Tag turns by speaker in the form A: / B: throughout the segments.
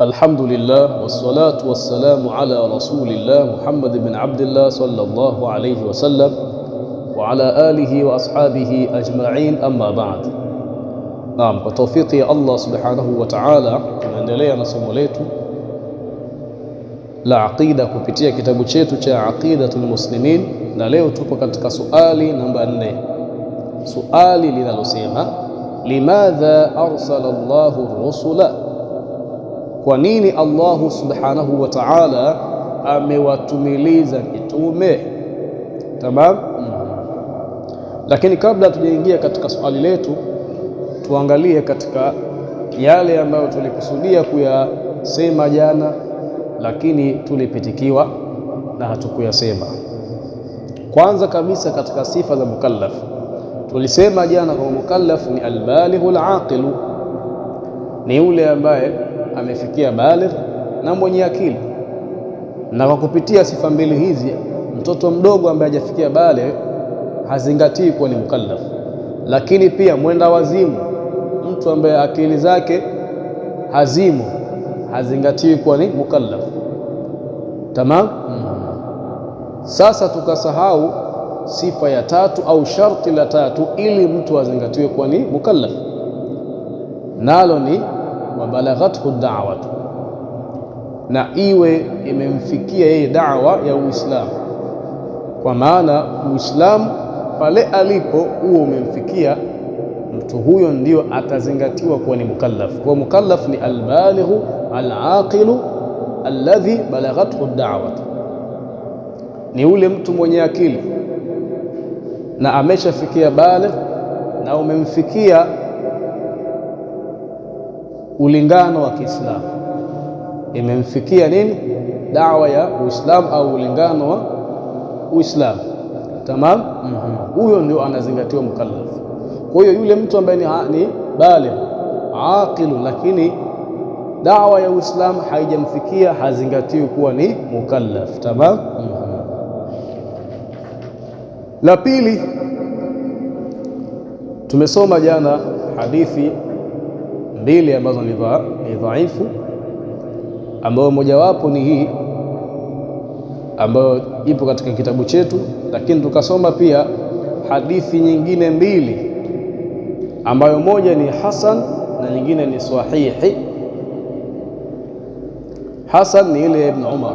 A: الحمد لله والصلاة والسلام على رسول الله محمد بن عبد الله صلى الله عليه وسلم وعلى آله وأصحابه أجمعين أما بعد نعم وتوفيق الله سبحانه وتعالى من دلينا سموليتو la aqida kupitia kitabu عقيدة المسلمين aqidatul muslimin سؤالي leo tupo katika suali namba 4 suali linalosema limadha Kwa nini Allahu subhanahu wa ta'ala amewatumiliza mitume? Tamam. Lakini kabla tujaingia katika swali letu, tuangalie katika yale ambayo tulikusudia kuyasema jana, lakini tulipitikiwa na hatukuyasema. Kwanza kabisa katika sifa za mukallaf tulisema jana kwamba mukallaf ni albalighul aqilu, ni yule ambaye amefikia baligh na mwenye akili. Na kwa kupitia sifa mbili hizi, mtoto mdogo ambaye hajafikia baligh hazingatii kuwa ni mukallaf, lakini pia mwenda wazimu, mtu ambaye akili zake hazimu, hazingatii kuwa ni mukallaf. Tamam. Sasa tukasahau sifa ya tatu au sharti la tatu ili mtu azingatiwe kuwa ni mukallaf, nalo ni wa balaghathu da'watu, na iwe imemfikia yeye dawa ya Uislamu. Kwa maana Uislamu pale alipo huo umemfikia mtu huyo, ndio atazingatiwa kuwa ni mukallaf. Kwa mukallaf ni albalighu alaqilu alladhi balaghathu da'watu, ni ule mtu mwenye akili na ameshafikia baligh na umemfikia ulingano wa Kiislamu, imemfikia nini dawa ya Uislamu au ulingano wa Uislamu. Tamam, mhm. huyo -hmm. ndio anazingatiwa mukallaf. Kwa hiyo yule mtu ambaye ni baligh aqilu, lakini dawa ya Uislamu haijamfikia hazingatiwi kuwa ni mukallaf. Tamam, mm -hmm. La pili tumesoma jana hadithi mbili ambazo ni dhaifu, ambayo mojawapo ni hii ambayo ipo katika kitabu chetu, lakini tukasoma pia hadithi nyingine mbili, ambayo moja ni hasan na nyingine ni sahihi. Hasan ni ile ya Ibn Umar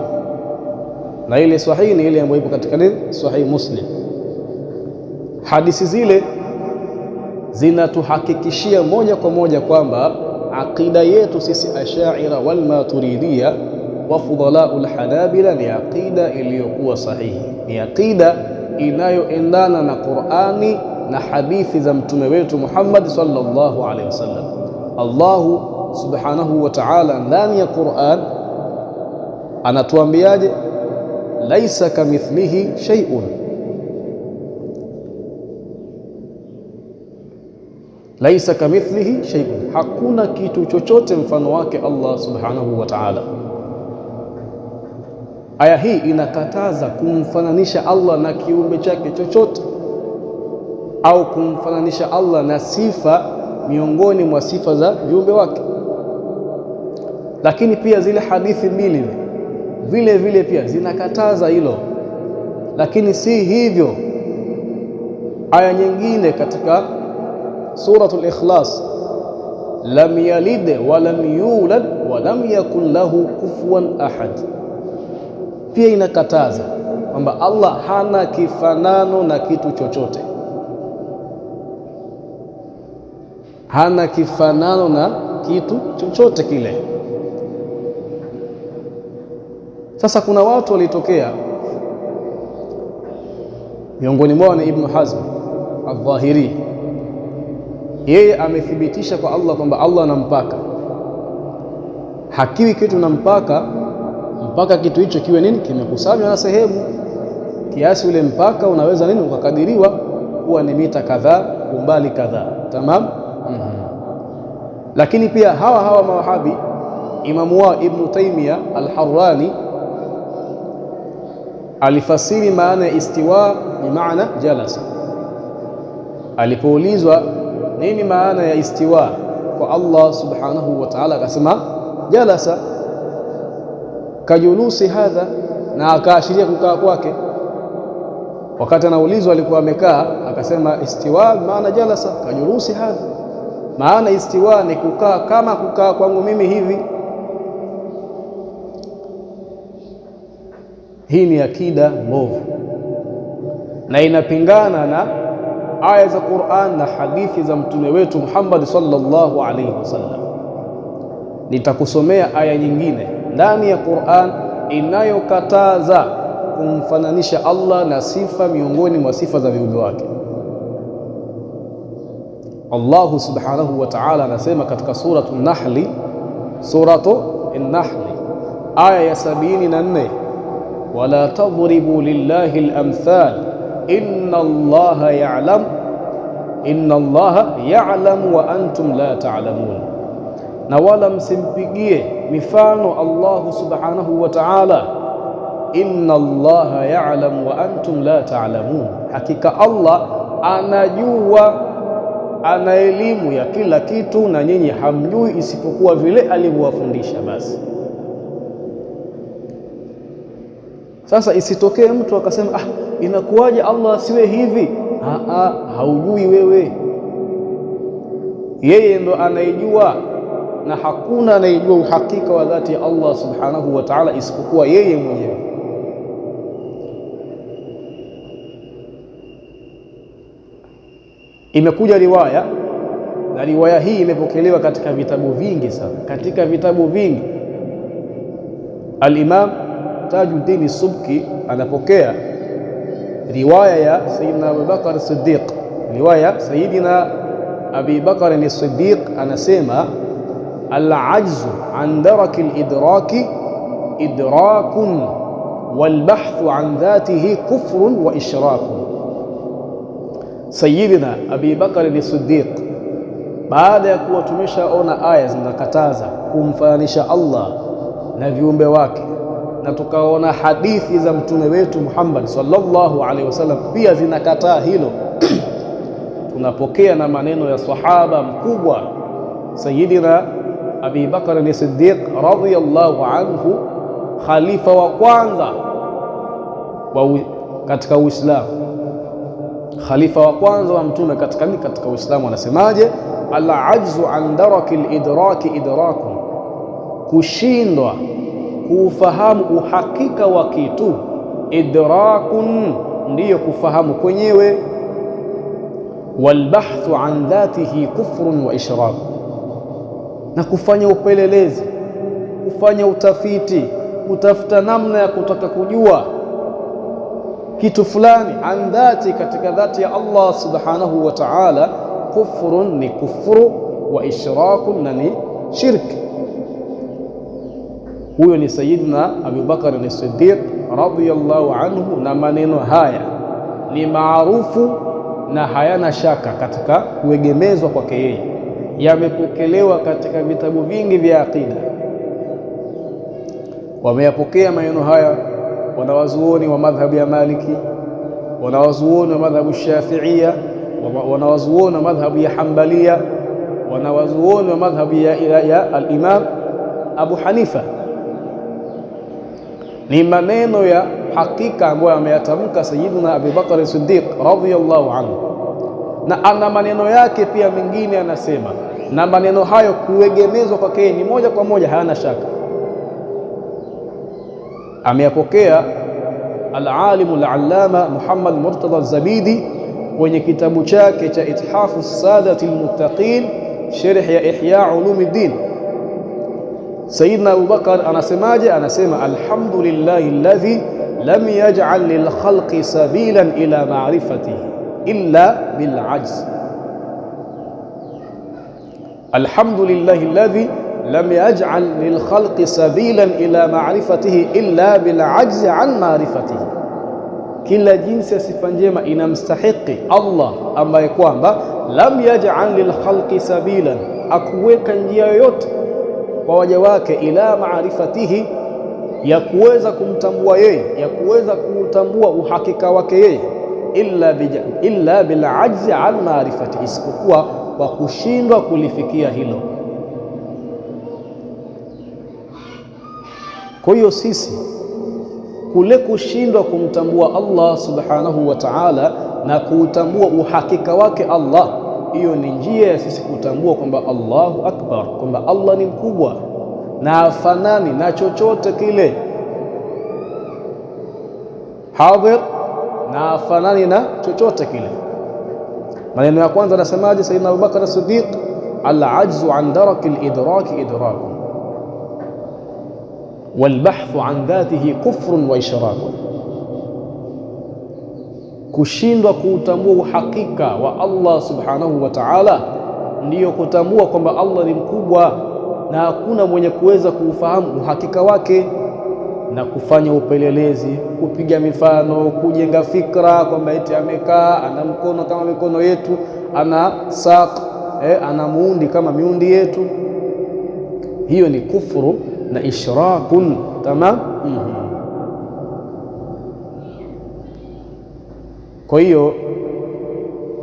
A: na ile sahihi ni ile ambayo ipo katika nini, Sahih Muslim. Hadithi zile zinatuhakikishia moja kwa moja kwamba aqida yetu sisi Ashaira wal Maturidia wa Fudalau lhanabila ni aqida iliyokuwa sahihi, ni aqida inayoendana na Qurani na hadithi za mtume wetu Muhammad sallallahu alaihi wasallam. Allahu subhanahu wa ta'ala ndani ya Quran anatuambiaje? laisa kamithlihi shay'un laisa kamithlihi shay'un, hakuna kitu chochote mfano wake Allah subhanahu wa ta'ala. Aya hii inakataza kumfananisha Allah na kiumbe chake chochote au kumfananisha Allah na sifa miongoni mwa sifa za viumbe wake. Lakini pia zile hadithi mbili vile vile pia zinakataza hilo, lakini si hivyo. Aya nyingine katika Suratul Ikhlas, lam yalid wa lam yulad wa lam yakun lahu kufuwan ahad. Pia inakataza kwamba Allah hana kifanano na kitu chochote, hana kifanano na kitu chochote kile. Sasa kuna watu walitokea miongoni mwao ni Ibnu Hazm Aldhahiri yeye amethibitisha kwa Allah kwamba Allah na mpaka, hakiwi kitu na mpaka mpaka kitu hicho kiwe nini, kimekusanywa na sehemu kiasi. Ule mpaka unaweza nini, ukakadiriwa kuwa ni mita kadhaa, umbali kadhaa, tamam. mm -hmm. Lakini pia hawa hawa mawahabi imamu wao Ibnu Taimia Alharrani alifasiri maana ya istiwa ni maana jalasa, alipoulizwa nini maana ya istiwa kwa Allah subhanahu wa ta'ala? Akasema jalasa kajulusi hadha, na akaashiria kukaa kwake. Wakati anaulizwa alikuwa amekaa, akasema istiwa maana jalasa kajulusi hadha, maana istiwa ni kukaa kama kukaa kwangu mimi hivi. Hii ni akida mbovu na inapingana na aya za Qur'an na hadithi za mtume wetu Muhammad sallallahu alaihi wasallam. Nitakusomea aya nyingine ndani ya Qur'an inayokataza kumfananisha Allah na sifa miongoni mwa sifa za viumbe wake. Allahu subhanahu wa ta'ala anasema katika suratu Nahli, suratu Nahli aya ya sabini na nne wala tadhribu lillahi al-amthal inna Allaha ya'lam inna Allaha ya'lamu wa antum la ta'lamun, na wala msimpigie mifano Allahu subhanahu wa ta'ala. Inna Allaha ya'lamu wa antum la ta'lamun, hakika Allah anajua, ana elimu ya kila kitu na nyinyi hamjui isipokuwa vile alivyowafundisha basi. Sasa isitokee mtu akasema, ah, inakuwaje Allah asiwe hivi? Aa, ah, ah haujui wewe, yeye ndo anaijua, na hakuna anayejua uhakika wa dhati ya Allah subhanahu wa ta'ala isipokuwa yeye mwenyewe. Imekuja riwaya na riwaya hii imepokelewa katika vitabu vingi sana, katika vitabu vingi. Al-Imam Tajuddin Subki anapokea riwaya ya Sayyidina Abu Bakar Siddiq riwaya Sayidina Abi Bakar as-Siddiq anasema al-ajzu an daraki al-idraki idrakun walbahthu an dhatihi kufrun wa ishrakun. Sayidina Abi Bakar as-Siddiq baada ya kuwa tumeshaona aya zinakataza kumfananisha Allah na viumbe wake na tukaona hadithi za mtume wetu Muhammad sallallahu alaihi wasallam pia zinakataa hilo tunapokea na maneno ya sahaba mkubwa Sayyidina Abi Bakar ni Siddiq radhiyallahu anhu, khalifa wa kwanza wa katika Uislamu, khalifa wa kwanza wa mtume katika ni Katika Uislamu. Anasemaje? al ajzu an daraki lidraki idrakun, kushindwa kuufahamu uhakika wa kitu. Idrakun ndiyo kufahamu kwenyewe والبحث عن ذاته كفر وإشراك نكفاني وبلليز كفاني وتفيتي كتفت نمنا كتك كجوا كتو فلان عن ذاتي كتك ذاتي الله سبحانه وتعالى كفر نكفر وإشراك نني شرك هو سيدنا أبي بكر الصديق رضي الله عنه نمنين هايا لمعروف na hayana shaka katika kuegemezwa kwake yeye, yamepokelewa katika vitabu vingi vya aqida. Wameyapokea maneno haya wanawazuoni wa madhhabu ya Maliki, wanawazuoni wa madhhabu Shafiia, wanawazuoni wa madhhabu ya Hambalia, wanawazuoni wa madhhabu ya, ya, ya al-Imam Abu Hanifa. Ni maneno ya hakika ambayo ameyatamka Sayyiduna Abu Bakar Siddiq radhiyallahu anhu, na ana maneno yake pia mengine anasema, na maneno hayo kuegemezwa kwake ni moja kwa moja, hayana shaka. Ameyapokea alalimu alallama Muhammad Murtada Zabidi kwenye kitabu chake cha Ithafu Sadati Almuttaqin, sherh ya Ihya ddin Sayyidina Abubakar anasemaje? Anasema, anasema alhamdulillahi alladhi لم يجعل للخلق سبيلا إلى معرفته إلا بالعجز الحمد لله الذي لم يجعل للخلق سبيلا إلى معرفته إلا بالعجز عن معرفته كلا جنس سفنجيما إن مستحق الله أما يقوم لم يجعل للخلق سبيلا أكوكا جيوت ووجواك إلى معرفته ya kuweza kumtambua yeye, ya kuweza kuutambua uhakika wake yeye, illa bil ajzi an marifati isipokuwa kwa kushindwa kulifikia hilo. Kwa hiyo sisi kule kushindwa kumtambua Allah subhanahu wa ta'ala na kuutambua uhakika wake Allah, hiyo ni njia ya sisi kutambua kwamba Allahu akbar, kwamba Allah ni mkubwa na hafanani na chochote kile. Hadhir na hafanani na chochote kile. Maneno ya kwanza anasemaje? Saidina Abubakar As-Siddiq, al-ajzu an daraki al-idraki idraku walbahthu an dhatihi kufrun wa ishraku, kushindwa kuutambua uhakika wa Allah subhanahu wa ta'ala, ndiyo kutambua kwamba Allah ni mkubwa na hakuna mwenye kuweza kuufahamu uhakika wake na kufanya upelelezi, kupiga mifano, kujenga fikra kwamba eti amekaa ana mkono kama mikono yetu, ana saq eh, ana muundi kama miundi yetu. Hiyo ni kufuru na ishrakun. Tamam. mm -hmm. Kwa hiyo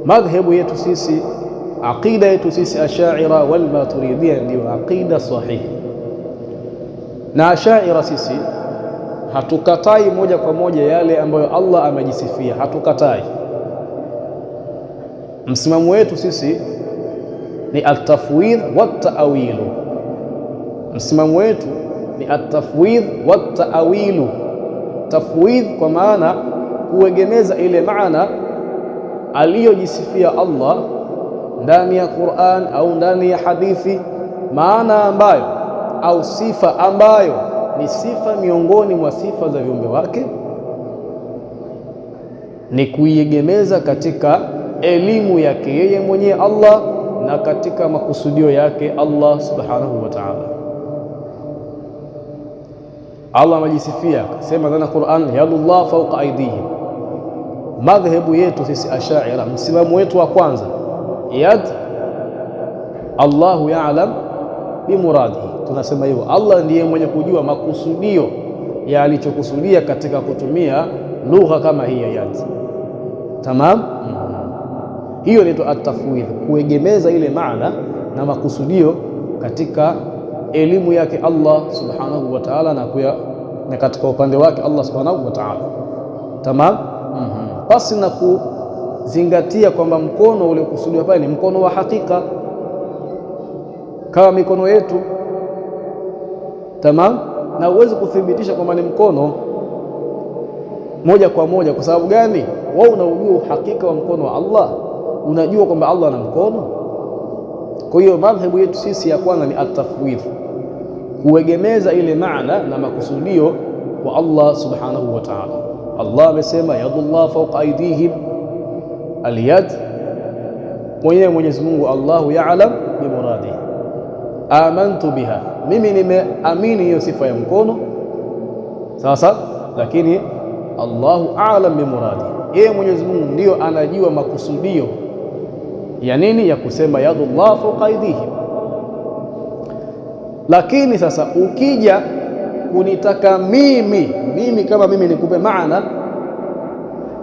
A: madhhebu yetu sisi Aqida yetu sisi Ashaira walmaturidia ndio aqida sahihi. Na Ashaira sisi hatukatai moja kwa moja yale ambayo Allah amejisifia, hatukatai. Msimamo wetu sisi ni altafwidh wattaawilu, msimamo wetu ni altafwidh wattaawilu. Tafwidh kwa maana kuegemeza ile maana aliyojisifia Allah ndani ya Qur'an au ndani ya hadithi, maana ambayo au sifa ambayo ni sifa miongoni mwa sifa za viumbe wake, ni kuiegemeza katika elimu yake yeye mwenyewe Allah na katika makusudio yake Allah subhanahu wa ta'ala. Allah amejisifia akasema ndani ya Qur'an, yadullah fawqa aydihim. Madhehebu yetu sisi Ashaira, msimamo wetu wa kwanza yad Allahu ya'lam muradihi. Tunasema hivyo, Allah ndiye mwenye kujua makusudio ya alichokusudia katika kutumia lugha kama hii ya yad. Tamam, hiyo at atafwidh, kuegemeza ile maana na makusudio katika elimu yake Allah subhanahu wa ta'ala, na kuya na katika upande wake Allah subhanahu wa ta'ala. Tamam, pasi na ku zingatia kwamba mkono uliokusudiwa pale ni mkono wa hakika kama mikono yetu, tamam. Na uwezi kuthibitisha kwamba ni mkono moja kwa moja. Kwa sababu gani? Wewe unaujua uhakika wa mkono wa Allah, unajua kwamba Allah ana mkono. Kwa hiyo madhhabu yetu sisi ya kwanza ni atafwidhi, kuegemeza ile maana na makusudio kwa Allah subhanahu wa ta'ala. Allah amesema yadullah fawqa aydihim alyad mwenyewe Mwenyezi Mungu Allahu ya'lam bi muradi Amantu biha, mimi nimeamini hiyo sifa ya mkono. Sasa lakini Allahu a'lam bi muradi, yeye Mwenyezi Mungu ndiyo anajua makusudio ya nini ya kusema yadullah fauka aydihim. Lakini sasa ukija kunitaka mimi mimi kama mimi nikupe maana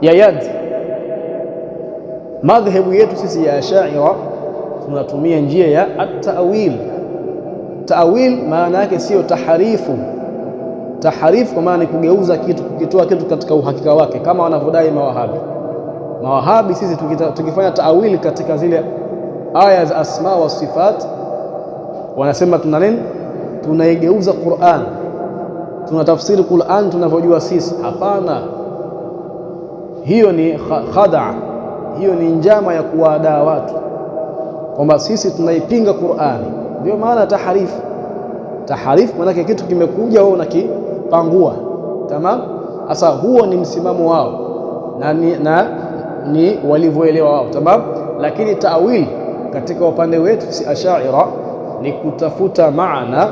A: ya yad Madhehebu yetu sisi ya Ashaira tunatumia njia ya at-ta'wil. Ta'wil maana yake siyo taharifu. Taharifu kwa maana ni kugeuza kitu, kukitoa kitu katika uhakika wake, kama wanavyodai mawahabi. Mawahabi sisi tukifanya ta'wil katika zile aya za asma wa sifat, wanasema tuna nini? Tunaigeuza Qur'an, tunatafsiri Qur'an tunavyojua sisi. Hapana, hiyo ni khadaa hiyo ni njama ya kuwadaa watu kwamba sisi tunaipinga Qur'ani. Ndio maana taharifu taharifu, maanake kitu kimekuja wao unakipangua. Tamam, sasa huo ni msimamo wao na ni, na, ni walivyoelewa wao. Tamam, lakini tawili katika upande wetu si ashaira ni kutafuta maana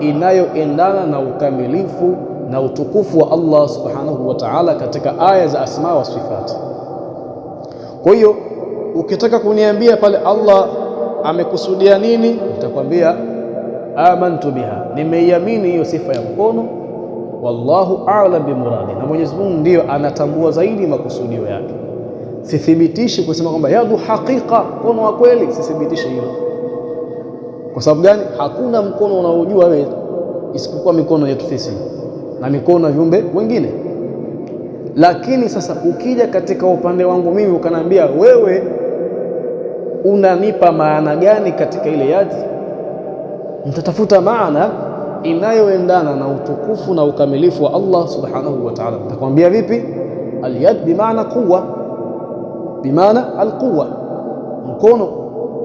A: inayoendana na ukamilifu na utukufu wa Allah subhanahu wa ta'ala katika aya za asma wa sifati. Kwa hiyo ukitaka kuniambia pale Allah amekusudia nini, nitakwambia amantu biha, nimeiamini hiyo sifa ya mkono. Wallahu a'lam bimuradi, na Mwenyezi Mungu ndiyo anatambua zaidi makusudio yake. Sithibitishi kusema kwamba yadu hakika, mkono wa kweli, sithibitishi hilo. Kwa sababu gani? Hakuna mkono unaojua wewe isipokuwa mikono yetu sisi na mikono ya viumbe wengine. Lakini sasa ukija katika upande wangu mimi ukaniambia wewe unanipa maana gani katika ile yadi, nitatafuta maana inayoendana na utukufu na ukamilifu wa Allah subhanahu wa ta'ala. Nitakwambia vipi? Alyad bimaana quwa, bimaana alquwa, mkono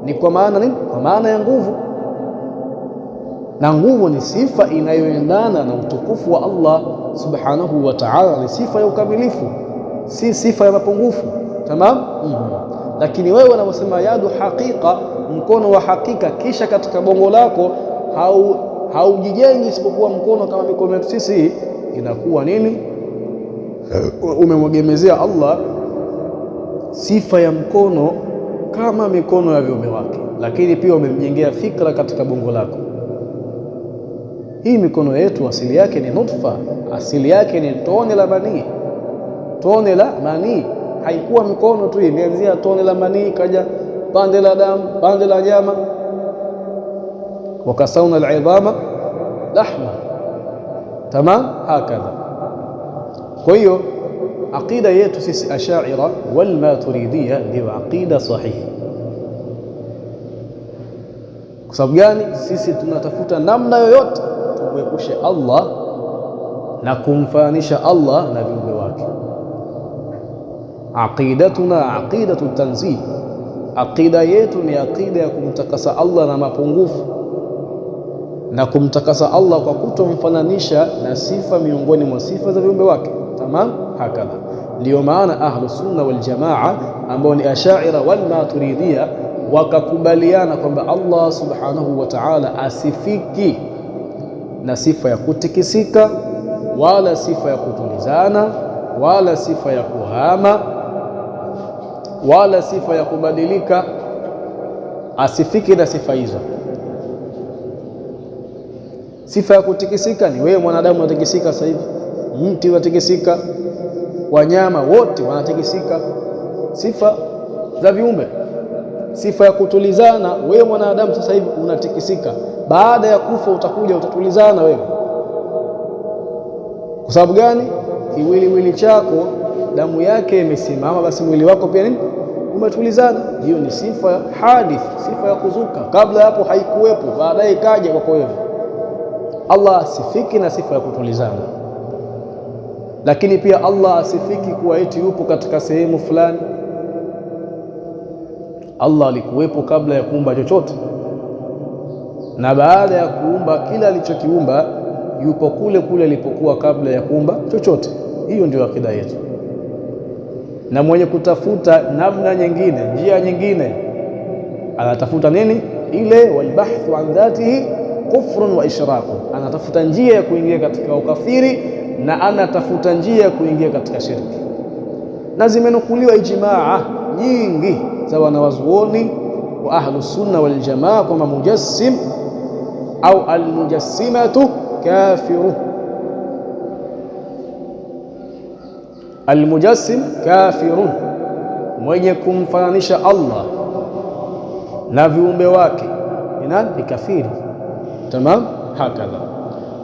A: ni kwa maana nini? Kwa maana ya nguvu, na nguvu ni sifa inayoendana na utukufu wa Allah subhanahu wa ta'ala ni sifa ya ukamilifu, si sifa ya mapungufu. Tamam, mm -hmm. Lakini wewe unaposema yadu haqiqa, mkono wa hakika, kisha katika bongo lako haujijengi hau isipokuwa mkono kama mikono yetu sisi, inakuwa nini? Umemwegemezea Allah sifa ya mkono kama mikono ya viumbe wake, lakini pia umemjengea fikra katika bongo lako. Hii mikono yetu asili yake ni nutfa, asili yake ni tone la manii, tone la manii. Haikuwa mikono tu, imeanzia tone la manii, kaja pande la damu, pande la nyama. Wakasauna alidhama lahma, tamam, hakadha. Kwa hiyo aqida yetu sisi ashaira walmaturidia maturidia ndio aqida sahihi. Kwa sababu gani? Sisi tunatafuta namna yoyote amwepushe Allah na kumfananisha Allah na viumbe wake. Aqidatuna aqidatu tanzih, aqida yetu ni aqida ya kumtakasa Allah na mapungufu na kumtakasa Allah kwa kutomfananisha na sifa miongoni mwa sifa za viumbe wake. Tamam, hakadha ndiyo maana ahlu sunna wal jamaa ambao ni ashaira wal maturidia wakakubaliana kwamba Allah subhanahu wa ta'ala asifiki na sifa ya kutikisika wala sifa ya kutulizana wala sifa ya kuhama wala sifa ya kubadilika, asifiki na sifa hizo. Sifa ya kutikisika ni wewe mwanadamu unatikisika sasa hivi, mti unatikisika, wanyama wote wanatikisika, sifa za viumbe. Sifa ya kutulizana, wewe mwanadamu sasa hivi unatikisika baada ya kufa utakuja utatulizana wewe. Kwa sababu gani? Kiwiliwili chako damu yake imesimama, basi mwili wako pia nini umetulizana. Hiyo ni sifa hadith, sifa ya kuzuka. Kabla hapo haikuwepo, baadaye ikaja kwako wewe. Allah asifiki na sifa ya kutulizana, lakini pia Allah asifiki kuwa eti yupo katika sehemu fulani. Allah alikuwepo kabla ya kuumba chochote na baada ya kuumba kila alichokiumba yupo kule kule alipokuwa kabla ya kuumba chochote. Hiyo ndio akida yetu, na mwenye kutafuta namna nyingine, njia nyingine, anatafuta nini? Ile walbahthu an dhatihi kufrun wa ishraku, anatafuta njia ya kuingia katika ukafiri na anatafuta njia ya kuingia katika shirki, na zimenukuliwa ijmaa nyingi za wanawazuoni wa ahlu sunna wal jamaa kwamba mujassim أو المجسمة كافر المجسم كافر مينكم فانش الله نبي بواكي إنان بكافير تمام هكذا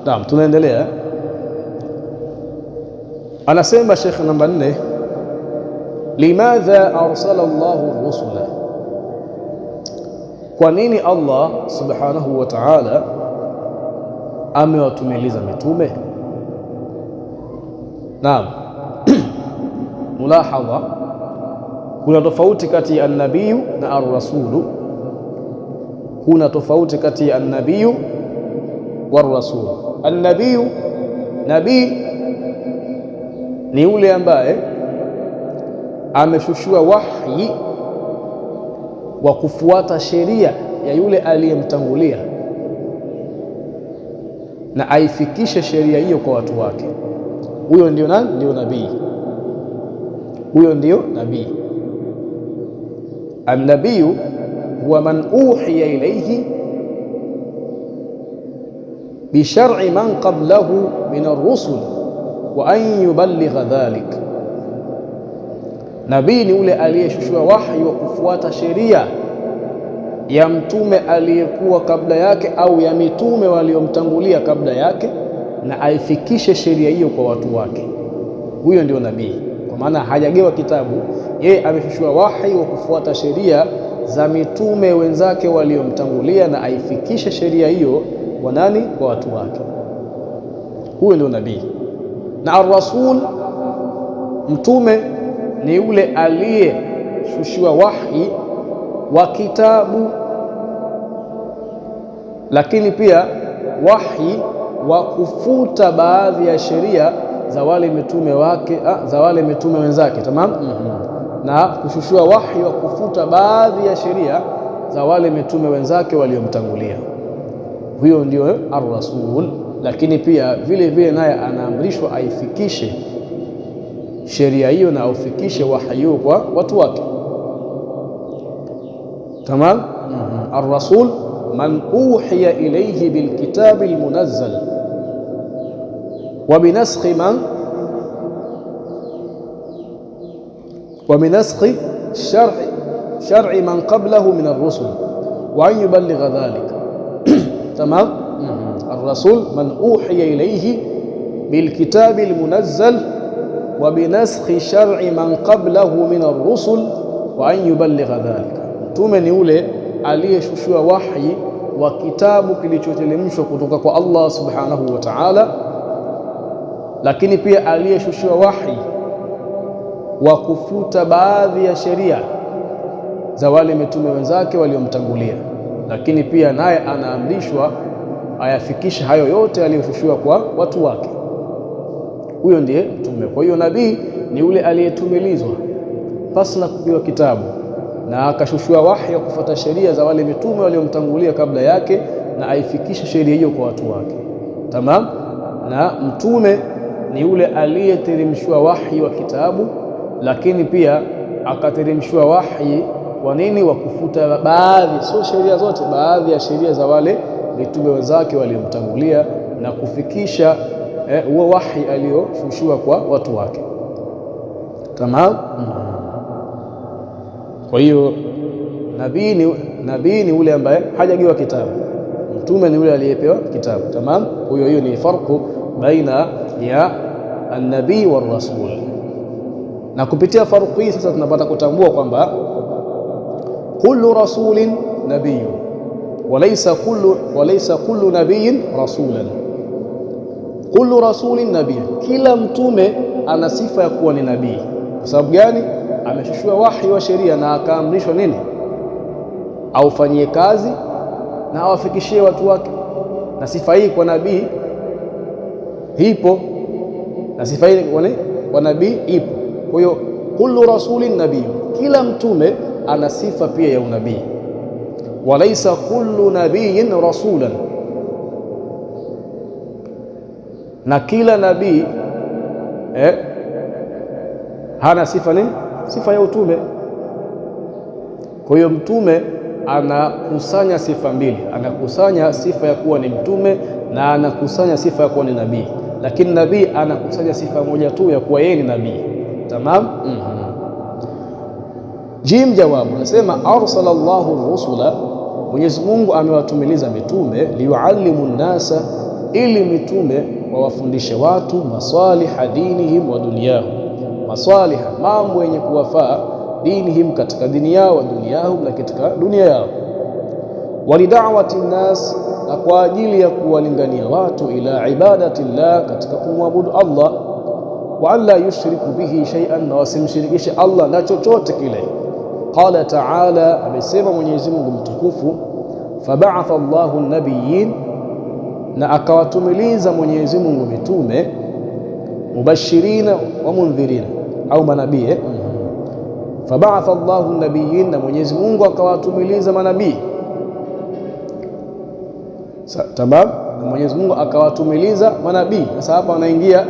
A: نعم تلين دليل أنا سيما شيخ نمبر لماذا أرسل الله الرسل Kwa nini Allah subhanahu wa ta'ala amewatumiliza mitume? Naam. Mulahadha, kuna tofauti kati ya annabiyu na arrasulu. Kuna tofauti kati ya annabiyu warrasulu. Annabiyu, nabii ni yule ambaye ameshushua wahyi wa kufuata sheria ya yule aliyemtangulia na aifikishe sheria hiyo kwa watu wake. Huyo ndio nani? Ndio nabii. Huyo ndio nabii. Annabiyu huwa man uhiya ilayhi bishar'i man qablahu min ar-rusul wa an yuballigha dhalika Nabii ni ule aliyeshushiwa wahi wa kufuata sheria ya mtume aliyekuwa kabla yake au ya mitume waliomtangulia kabla yake, na aifikishe sheria hiyo kwa watu wake. Huyo ndio nabii, kwa maana hajagewa kitabu, yeye ameshushiwa wahi wa kufuata sheria za mitume wenzake waliomtangulia, na aifikishe sheria hiyo kwa nani? Kwa watu wake. Huyo ndio nabii. Na ar-rasul mtume ni yule aliyeshushiwa wahi wa kitabu, lakini pia wahi wa kufuta baadhi ya sheria za wale mitume wake ah, za wale mitume wenzake tamam, mm -hmm. na kushushiwa wahi wa kufuta baadhi ya sheria za wale mitume wenzake waliomtangulia. Huyo ndio ar-rasul, lakini pia vile vile naye anaamrishwa aifikishe sheria hiyo na aufikishe wahyu kwa watu wake. Tamam. Ar-rasul man uhiya ilayhi bilkitabi almunazzal wa binaskhi man wa binaskhi shar'i shar'i man qablahu min ar-rusul wa an yuballigha dhalika. Tamam. الرسول من أوحي إليه بالكتاب المنزل wa binaskhi shar'i man qablahu min ar-rusul wa an yuballigha dhalika, mtume ni ule aliyeshushiwa wahyi wa kitabu kilichotelemshwa kutoka kwa Allah subhanahu wa ta'ala, lakini pia aliyeshushiwa wahyi wa kufuta baadhi ya sheria za wale mitume wenzake waliomtangulia, lakini pia naye anaamrishwa ayafikishe hayo yote aliyoshushiwa kwa watu wake. Huyo ndiye mtume. Kwa hiyo nabii ni yule aliyetumilizwa pasina kupewa kitabu na akashushiwa wahi wa kufuata sheria za wale mitume waliomtangulia kabla yake, na aifikishe sheria hiyo kwa watu wake. Tamam. Na mtume ni yule aliyeteremshiwa wahi wa kitabu, lakini pia akateremshiwa wahi kwa nini? Wa kufuta baadhi, sio sheria zote, baadhi ya sheria za wale mitume wenzake waliomtangulia na kufikisha Eh, huo eh, wahi aliyoshushiwa kwa watu wake. Tamam. Kwa hiyo nabii ni nabii ni ule ambaye hajagiwa kitabu, mtume ni ule aliyepewa kitabu. Tamam. huyo hiyo ni farku baina ya annabii wa rasul, na kupitia farku hii sasa tunapata kutambua kwamba kullu rasulin nabiyun walaysa kullu, walaysa kullu nabiyin rasulan kullu rasulin nabiy, kila mtume ana sifa ya kuwa ni nabii. Kwa sababu gani? Ameshushiwa wahi wa sheria na akaamrishwa nini? Aufanyie kazi na awafikishie watu wake. Na sifa hii kwa nabii ipo, na sifa hii kwa nabii ipo. Kwa hiyo kullu rasulin nabii, kila mtume ana sifa pia ya unabii. Walaisa kullu nabiyin rasulan na kila nabii eh, hana sifa nini? Sifa ya utume. Kwa hiyo mtume anakusanya sifa mbili, anakusanya sifa ya kuwa ni mtume na anakusanya sifa ya kuwa ni nabii, lakini nabii anakusanya sifa moja tu ya kuwa yeye ni nabii. Tamam, mm -hmm. Jim jawabu anasema arsala llahu rusula, Mwenyezi Mungu amewatumiliza mitume, liyuallimu nnasa, ili mitume wawafundishe watu maswaliha dinihim wa dunyahum, maswaliha mambo yenye kuwafaa dinihim, katika dini yao, wa dunyahum, na katika dunia yao, walidawati nnas, na kwa ajili ya kuwalingania watu, ila ibadati llah, katika kumwabudu Allah, wa anla yushriku bihi shay'an, na wasimshirikishe Allah na chochote kile. Qala taala, amesema Mwenyezi Mungu mtukufu, fabaatha llahu nabiyin na akawatumiliza Mwenyezi Mungu mitume mubashirina wa mundhirina au manabii eh? fabaatha Allahu nabiyin, na Mwenyezi Mungu akawatumiliza manabii tamam, na Mwenyezi Mungu akawatumiliza manabii. Sasa hapa wanaingia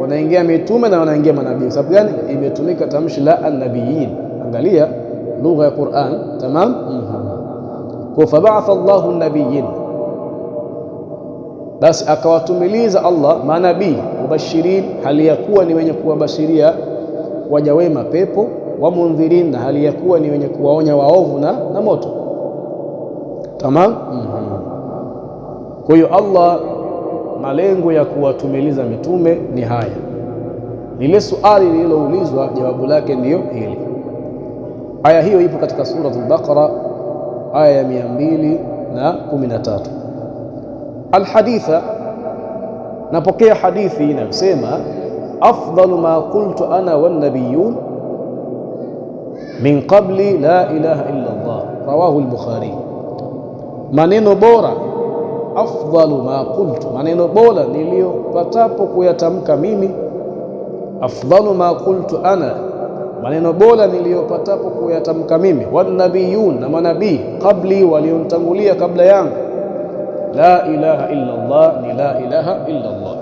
A: wanaingia mitume na wanaingia manabii. Sababu gani? Imetumika tamshi la annabiyin, angalia lugha ya Qur'an. Tamam, kwa fabaatha Allahu nabiyin basi akawatumiliza Allah manabii mubashirin, hali ya kuwa ni wenye kuwabashiria waja wema pepo, wa mundhirin, na hali ya kuwa ni wenye kuwaonya waovu na, na moto. Tamam. mm -hmm. Kwa hiyo Allah malengo ya kuwatumiliza mitume ni haya. Lile suali lililoulizwa jawabu lake ndiyo hili. Aya hiyo ipo katika Suratul Baqara aya ya 213. الحديثة نبقي حديثي نفسيما أفضل ما قلت أنا والنبيون من قبل لا إله إلا الله رواه البخاري منين بورا أفضل ما قلت منين بولا نليو فتابو كويا ميمي أفضل ما قلت أنا منين بولا نليو فتابو كويا ميمي والنبيون نما نبي قبلي وليون تنغولي قبل يانغ la ilaha illa Allah ni la ilaha illa Allah.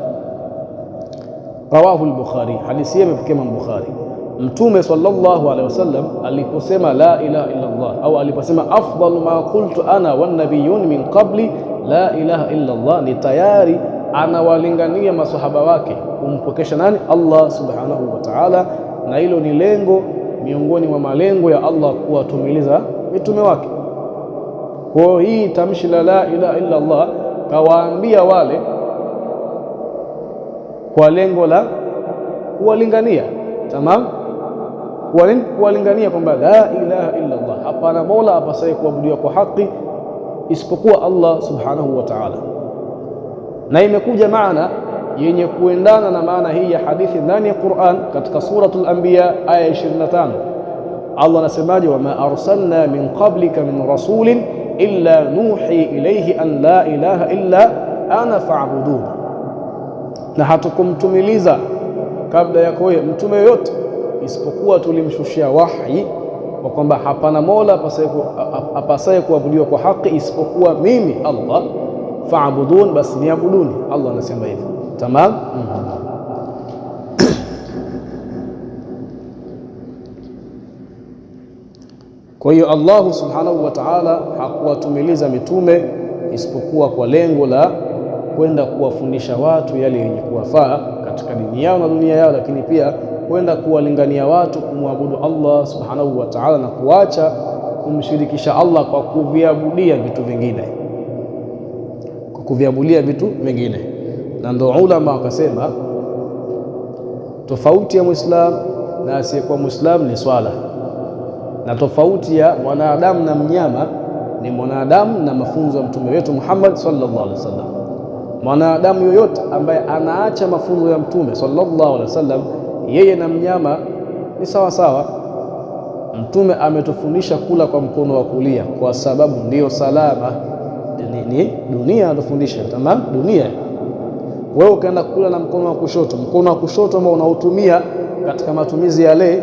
A: Rawahu al-Bukhari, hadisi imepokea Imam Bukhari. Mtume sallallahu alaihi wasallam aliposema la ilaha illa Allah au aliposema afdalu ma qultu ana wan nabiyyun min qabli la ilaha illa Allah, ni tayari anawalingania masahaba wake kumpokesha nani? Allah subhanahu wa ta'ala, na hilo ni lengo miongoni mwa malengo ya Allah kuwatumiliza mitume wake. Kwa hii tamshi la la ilaha illa Allah kawaambia wale kwa lengo la kuwalingania, tamam, kuwalingania kwamba la ilaha illa Allah, hapana mola apasaye kuabudiwa kwa haki isipokuwa Allah subhanahu wa ta'ala. Na imekuja maana yenye kuendana na maana hii ya hadithi ndani ya Qur'an katika suratul Anbiya aya 25. Allah anasemaje, wama arsalna min qablika min rasulin illa nuhi ilaihi an la ilaha illa ana fa'budu, na hatukumtumiliza kabla ya wewe mtume yoyote isipokuwa tulimshushia wahi wa kwamba hapana mola apasaye kuabudiwa kwa haki isipokuwa mimi Allah, fa'budun, basi niabuduni. Allah anasema hivyo, tamam. Mm-hmm. Kwa hiyo Allahu subhanahu wa ta'ala hakuwatumiliza mitume isipokuwa kwa lengo la kwenda kuwafundisha watu yale yenye kuwafaa katika dini yao na dunia yao, lakini pia kwenda kuwalingania watu kumwabudu Allah subhanahu wa ta'ala na kuacha kumshirikisha Allah kwa kuviabudia vitu vingine, kwa kuviabudia vitu vingine. Na ndio ulama wakasema tofauti ya Muislam na asiyekuwa Muislam ni swala na tofauti ya mwanadamu na mnyama ni mwanadamu na mafunzo ya mtume wetu Muhammad sallallahu alaihi wasallam. Mwanadamu yoyote ambaye anaacha mafunzo ya mtume sallallahu alaihi wasallam, yeye na mnyama ni sawa sawa. Mtume ametufundisha kula kwa mkono wa kulia kwa sababu ndiyo salama ni, ni dunia anatufundisha. Tamam, dunia wewe ukaenda kula na mkono wa kushoto, mkono wa kushoto ambao unautumia katika matumizi yale,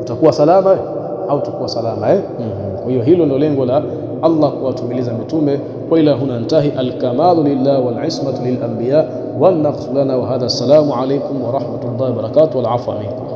A: utakuwa salama. hautakuwa salama eh? mm -hmm. Kwa hiyo hilo ndio lengo la Allah kuwatumiliza mitume kwa ila huna ntahi alkamalu lillah walismatu lilanbiya wannaqsu lana wahadha. Assalamu alaykum wa rahmatullahi wa barakatuh wal afwa minkum.